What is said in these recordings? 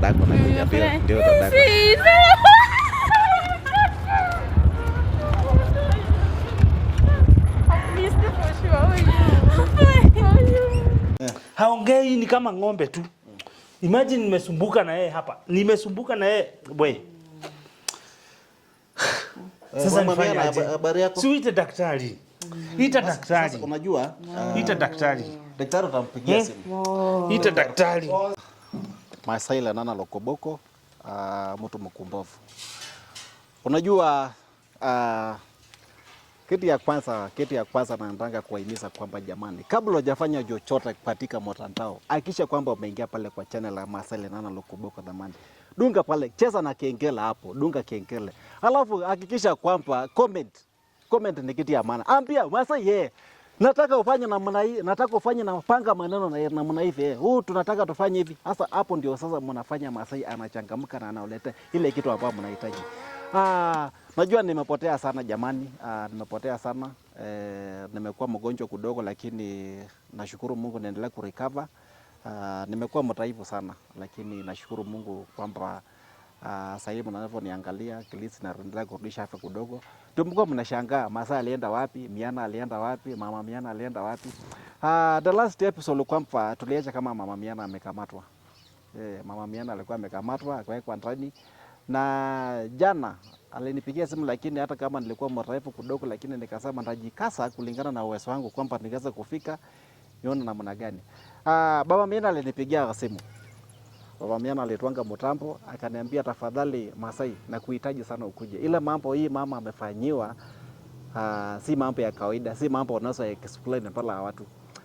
dadako anakuja, ndio dadako haongei, ni kama ng'ombe tu. Imagine nimesumbuka na yeye hapa, nimesumbuka na yeye bwe. Eh, Sasa nifanye aje? Si ita daktari, ita daktari, unajua, ita eh, daktari, daktari atampigia eh? simu, ita daktari masaila nana lokoboko uh, mtu mkumbovu. Unajua uh, kitu ya kwanza, kitu ya kwanza nataka kuwahimiza kwamba jamani, kabla hujafanya chochote katika mtandao, hakikisha kwamba umeingia pale kwa channel ya Masaila Nana Lokoboko dhamani. Dunga pale, cheza na kengele hapo, dunga kengele. Alafu hakikisha kwamba comment, comment ni kitu ya maana. Ambia Masai yeah nataka ufanye namna hii, nataka ufanye na panga maneno na namna hivi eh, huu tunataka tufanye hivi hasa. Hapo ndio sasa mnafanya Masai anachangamka na anaoleta ile kitu ambayo mnahitaji. Ah, najua nimepotea sana jamani. Ah, nimepotea sana eh, nimekuwa mgonjwa kidogo, lakini nashukuru Mungu naendelea kurecover. Ah, nimekuwa mtaifu sana, lakini nashukuru Mungu kwamba Uh, sasa hivi mnavyoniangalia Gilisi na naendelea kurudisha afya kidogo. Ndio mnashangaa Masaa alienda wapi? Miana alienda wapi? Mama Miana alienda wapi? Uh, the last episode kwamba tuliacha kama Mama Miana amekamatwa. Eh, Mama Miana alikuwa amekamatwa akawekwa ndani na jana alinipigia simu lakini hata kama nilikuwa mrefu kidogo, lakini nikasema nitajikasa kulingana na uwezo wangu kwamba ningeweza kufika nione namna gani. Ah, Baba Miana alinipigia simu Baba alitwanga mtambo akaniambia, tafadhali Masai, nakuhitaji sana ukuje. Ile mambo hii mama amefanyiwa uh, si mambo ya kawaida, si mambo unaweza explain pala watu.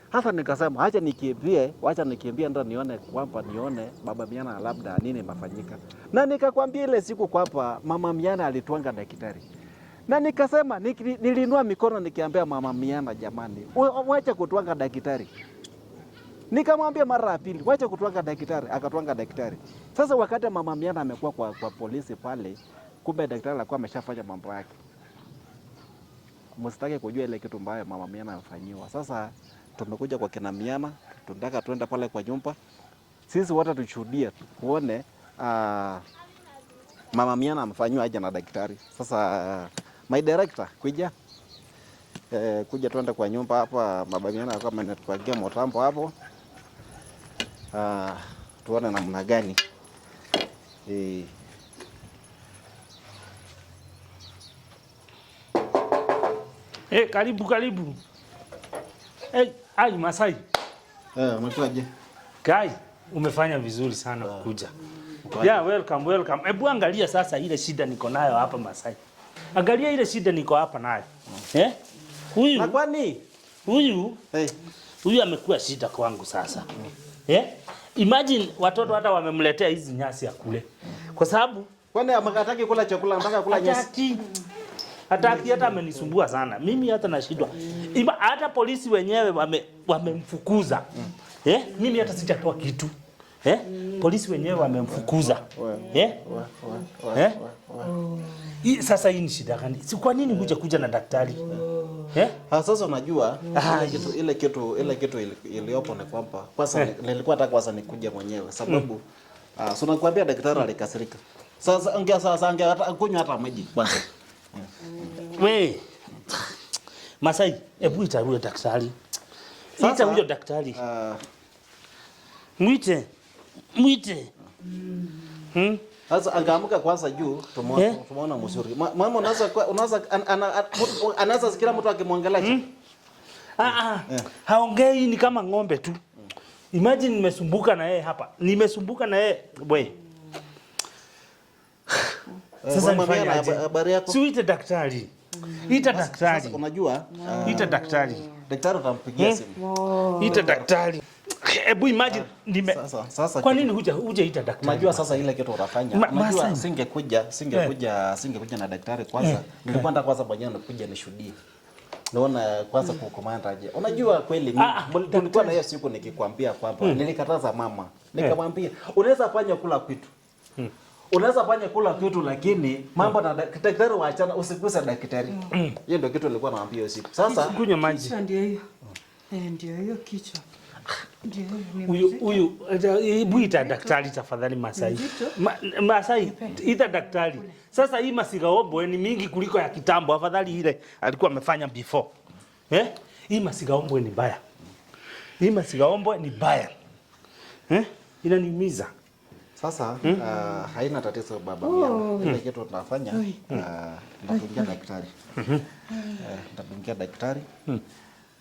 Hasa nikasema acha nikimbie, acha nikimbie ndio nione kwamba nione Baba Miana labda nini mafanyika. Na nikakwambia ile siku kwamba Mama Miana alitwanga daktari. Na nikasema nilinua mikono nikiambia Mama Miana, jamani, wacha kutwanga daktari. Nikamwambia mara ya pili, wacha kutwanga daktari, akatwanga daktari. Sasa wakati mama Miana amekuwa kwa, kwa polisi pale, kumbe daktari alikuwa ameshafanya mambo yake. Msitake kujua ile kitu mbaya mama Miana amefanyiwa. Sasa tumekuja kwa kina Miana, tunataka tuenda pale kwa nyumba. Sisi wote tushuhudie, tuone uh, mama Miana amefanywa aje na daktari. Sasa uh, my director kuja eh, kuja tuende kwa nyumba hapa mababiana kama anatupangia motambo hapo uh, tuone namna gani e, eh. Hey, eh, karibu karibu. Hey, eh, ai Masai. Eh, umekuaje? Kai, umefanya vizuri sana ah. kukuja. Yeah, welcome, welcome. Hebu angalia sasa ile shida niko nayo hapa Masai. Angalia ile shida niko hapa nayo. Oh. Eh? Huyu. Na kwani? Huyu. Hey. Huyu amekuwa shida kwangu sasa. Hmm. Yeah? Imagine watoto hata wamemletea hizi nyasi ya kule. Kwa sababu kwani hataki kula chakula, anataka kula nyasi. Hataki. Hataki, hata amenisumbua sana. Mimi hata nashindwa. Hata polisi wenyewe wamemfukuza. Wame mm. yeah? Mimi hata sitatoa kitu. Eh? Polisi wenyewe wamemfukuza. Eh? Eh? Hii sasa hii ni shida gani? Si kwa nini kuja kuja na daktari? Oh. Eh? Ha, ah, sasa unajua ah, kitu ile kitu ile kitu iliyopo ni kwamba kwanza eh. nilikuwa nataka kwanza nikuje mwenyewe sababu mm. ah, so nakwambia daktari alikasirika. Sasa ongea sasa ongea hata kunywa hata maji kwanza. Mm. Wewe. Masai, hebu ita huyo daktari. Ita ah, huyo daktari. Mwite mwite hmm? Sasa angaamka kwanza juu tumuona yeah. Tumuona mzuri. Mama unaweza unaweza anaweza sikila mtu akimwangalia. Mm. Ah ah. Yeah. Haongei ni kama ng'ombe tu. Imagine nimesumbuka na yeye hapa. Nimesumbuka na yeye bwe. Eh, Sasa nifanye aje? Habari yako? Suite daktari. Ita daktari. Sasa unajua? Ita eh, daktari. Daktari utampigia hmm? simu. Ita daktari. Hebu imagine ah, nime sasa, sasa kwa nini huja huja ita daktari? Unajua sasa ile kitu utafanya. Unajua singekuja eh. singekuja singekuja na daktari kwanza. Eh. Nilikuwa nataka kwanza mwenyewe nikuja nishuhudie. Naona kwanza kwa commander aje. Unajua kweli mimi ah, ah, nilikuwa na hiyo siku nikikwambia kwamba hmm. nilikataza mama. Eh. Nikamwambia unaweza fanya kula kitu. Hmm. Unaweza fanya kula kitu lakini mambo na daktari waachana, usikuse daktari. Hmm. Hiyo ndio kitu nilikuwa naambia hiyo siku. Sasa kunywa maji. Ndio hiyo. ndio hiyo kichwa huyu mwita daktari tafadhali, Masai Ma, Masai ita daktari sasa. Hii masigaombwe ni mingi kuliko ya kitambo, afadhali ile alikuwa amefanya before eh. Hii masigaombwe ni mbaya, hii masigaombwe ni mbaya eh, inaniumiza sasa. hmm? Uh, haina tatizo baba, oh. ile kitu tunafanya, uh, ndatungia daktari, mhm. eh, ndatungia daktari hmm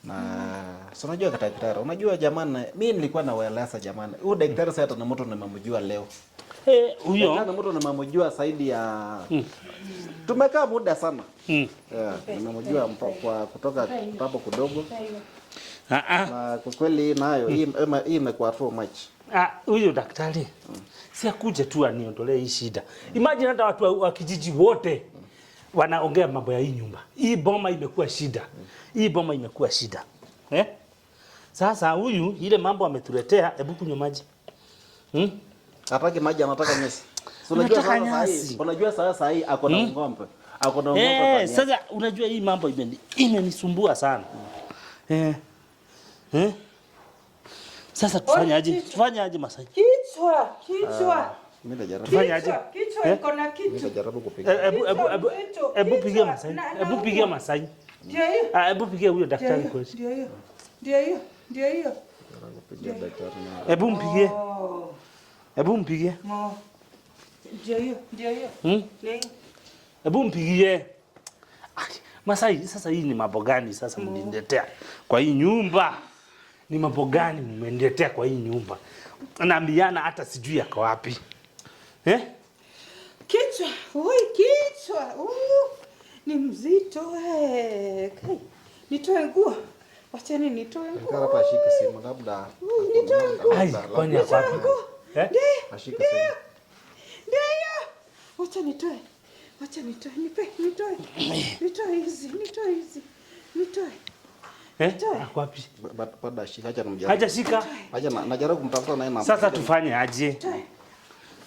na mm. so unajua daktari unajua jamani, mimi nilikuwa na welasa jamani, huyu daktari sasa tuna mtu nimemjua leo eh, huyo tuna mtu nimemjua zaidi ya mm. tumekaa muda sana mm. yeah, nimemjua kwa kutoka hapo kidogo ah ah, na kwa kweli nayo hii mm. hii imekuwa too much ah, huyo daktari mm. si akuje tu aniondolee hii shida, imagine hata watu wa kijiji wote wanaongea mambo ya hii nyumba. Hii boma imekuwa shida. Hii boma imekuwa shida. Eh? Sasa huyu ile mambo ametuletea, hebu kunywa maji. Hmm? Apake maji anataka nyasi. So Unajua sasa hii, unajua sasa hii ako na hmm? ng'ombe. Ako na eh, ng'ombe. Eh, sasa unajua hii mambo imeni imenisumbua sana. Eh. Eh? Sasa tufanyaje? Tufanyaje masaji? Kichwa, kichwa. Ah. Mimi najaribu tufanyaje? Kichwa eh? iko na kitu. Mimi najaribu kupiga. Hebu eh, hebu hebu hebu pigia Masai. Hebu pigia Masai. Ndio hiyo. Ah, hebu pigia huyo daktari kwa kwanza. Ndio hiyo. Ndio hiyo. Ndio hiyo. Pigia daktari. Hebu mpigie. Hebu oh. mpigie. Ndio hiyo. Ndio hiyo. Hmm? Hebu mpigie. Masai, sasa hii ni mambo gani sasa mniletea kwa hii nyumba? Ni mambo gani mmeniletea kwa hii nyumba? Naambiana hata sijui yako wapi. Eh? Kichwa, oi kichwa. Uh, ni mzito eh. Kai. Nitoe nguo. Wacheni nitoe nguo. Kaka hapa ashike simu labda. Nitoe nguo. Ai, kwani hapa. Eh? Ashike simu. Ndio. Wacha nitoe. Wacha nitoe. Nipe, nitoe. Nitoe hizi, nitoe hizi. Nitoe. Eh? Ah, wapi? Haja namjaribu. Haja shika. Haja najaribu kumtafuta naye mama. Sasa tufanye aje? Nitoe.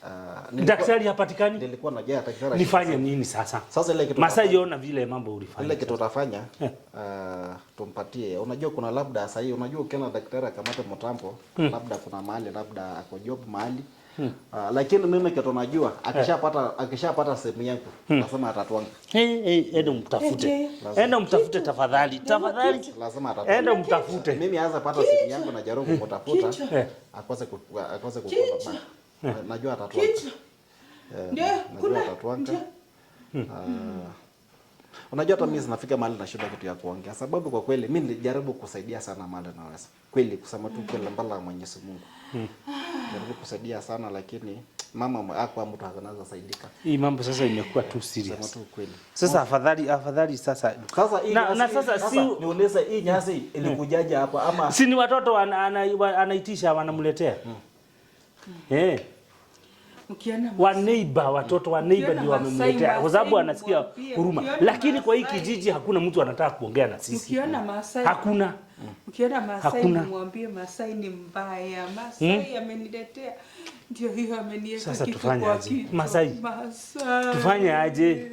Uh, daktari hapatikani, nilikuwa na jaya daktari, nifanye nini sasa? Sasa ile kitu Masai yona vile mambo ulifanya, ile kitu utafanya eh, uh, tumpatie. Unajua kuna labda sasa hivi, unajua ukiona daktari akamata mtambo hmm, labda kuna mahali labda ako job mahali hmm, uh, lakini mimi kitu najua eh. akishapata eh, akishapata sehemu yangu hmm, lazima atatuanga. Hey, hey, enda mtafute, enda mtafute tafadhali, tafadhali, lazima atatue, enda mtafute. Mimi anza pata sehemu yangu na jaribu kutafuta, eh. akose akose kukupa Eh, eh, najua atatwanga. Eh, najua atatwanga. Unajua hata mimi zinafika mahali na shida kitu ya kuongea, sababu kwa kweli mimi nilijaribu kusaidia sana mahali naweza, kweli kusema tu kweli, mbala ya Mwenyezi Mungu hmm. Jaribu kusaidia sana lakini mama akwa mtu anaweza saidika. Hii mambo sasa imekuwa tu serious. Sema tu kweli. Sasa afadhali afadhali sasa. Sasa hii na, na sasa si nieleza hii nyasi ilikujaje hapa ama si ni watoto anaitisha wanamletea. Hmm. Hmm. Eh. Wa neighbor, watoto wa neighbor ndio wamemletea kwa sababu anasikia huruma. Lakini kwa hii kijiji hakuna mtu anataka kuongea na sisi. Ukiona Masai, hakuna. Ukiona Masai mwambie Masai ni mbaya. Masai hmm? ameniletea. Ndio hiyo ameniweka sasa tufanye aje? Masai. Tufanye aje?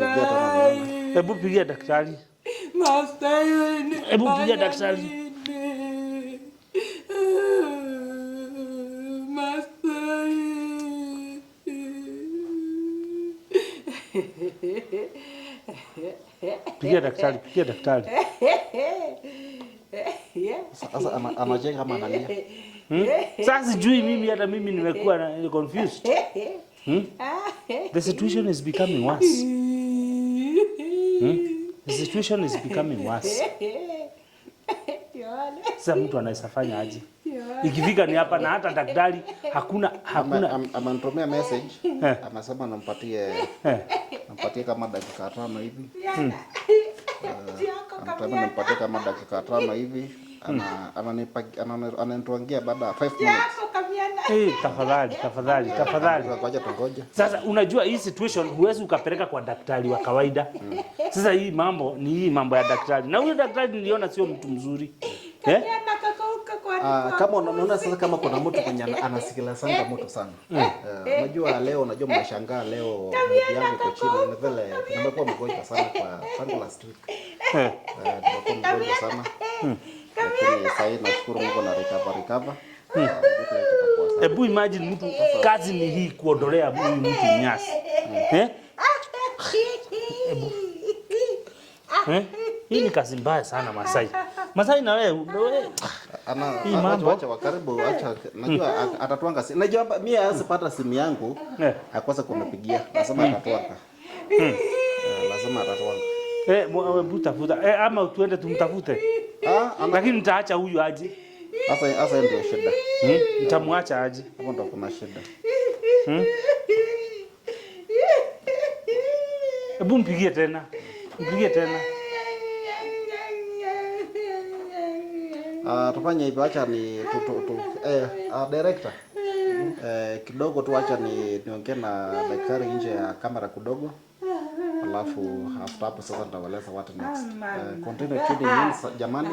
Ah, Hebu pigia daktari. Masai. Hebu pigia daktari. Pigia daktari, pigia daktari. Sasa anajenga ama analia? Hmm? Sasa sijui mimi hata mimi nimekuwa confused. Hmm? The situation is becoming worse. Hmm? The situation is becoming worse. Sasa mtu anaweza fanya aje? Ikifika ni hapa na hata daktari hakuna hakuna amenitumia message, eh. amesema nampatie eh nampatia kama dakika tano hivi hmm. Uh, nampatia kama dakika tano hivi ananitwangia baada ya 5 minutes. Hey, tafadhali tafadhali tafadhali, ngoja tungoje sasa. Unajua hii situation huwezi ukapeleka kwa daktari wa kawaida mm. Sasa hii mambo ni hii mambo ya daktari, na huyo daktari niliona sio mtu mzuri eh? Ah, kama unaona sasa, kama kuna mtu kwenye anasikila sana moto sana, eh, eh, eh, unajua leo unajua, mnashangaa leo yangu iko chini, na vile nimekuwa mgonjwa sana kwa hmm. tangu last week nimekuwa mgonjwa sana lakini sasa hivi nashukuru Mungu na recover recover. Hebu hmm. ah, imagine mtu kazi ni hii kuondolea huyu mtu nyasi eh, hii ni kazi mbaya sana Masai, Masai na wewe ana mambo acha karibu acha najua mm. atatwanga. Najua mimi pata simu yangu eh. akwasa kunapigia nasema atatwanga, lazima mm. atatwanga. Mm. Eh, buta eh, eh, buta eh, ama tuende tumtafute, ah lakini nitaacha huyu aje. Sasa sasa ndio shida, hmm? nitamwacha aje, hapo ndo kuna shida. Hmm? Hebu mpigie tena, mpigie tena. Uh, tufanye hivyo, acha ni tu, tu, tu, eh, uh, director eh, kidogo tu, acha ni niongee na daktari nje ya kamera kidogo, alafu after hapo sasa nitawaeleza what next. Uh, continue tuning in jamani,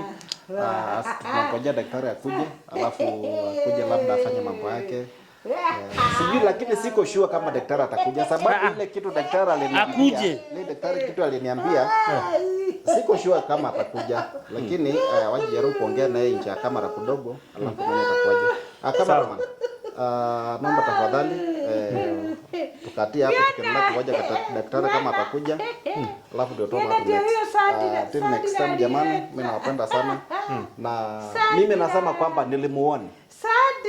uh, tunangojea daktari akuje, alafu akuje labda afanye mambo yake. Yeah. Sijui lakini siko sure kama daktari atakuja sababu ile kitu daktari aliniambia. Akuje. Ile daktari kitu aliniambia. Yeah siko sure kama atakuja lakini uh, eh, wajijaribu kuongea naye nje ya kamera kidogo, alafu mimi nitakuja ah, kama uh, ah, mambo tafadhali eh, tukatie hapo tukiendelea kata daktari kama atakuja, alafu ndio toma hapo next ah, till next time. Jamani, mimi nawapenda sana hmm. na mimi nasema kwamba nilimuona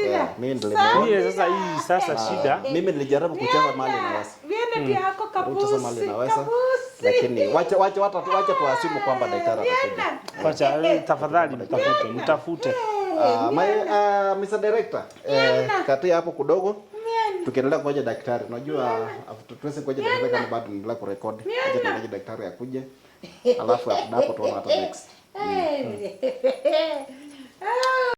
Yeah, mimi nilimuona sasa. Hii sasa shida, mimi nilijaribu kucheza mali hmm. na wasi, mimi ndio hako kabusi lakini wacha wacha wacha wacha tuasimu kwamba daktari atakuja. Wacha eh, tafadhali mtafute mtafute. Ah, my, uh, ah, Mr. Director, eh, katia hapo kudogo. tukiendelea kuja daktari. Unajua tuweze kuja daktari kama bado tunaendelea kurekodi. Aje tunaje daktari akuje. Alafu hapo tuona hata next. Mm. Oh.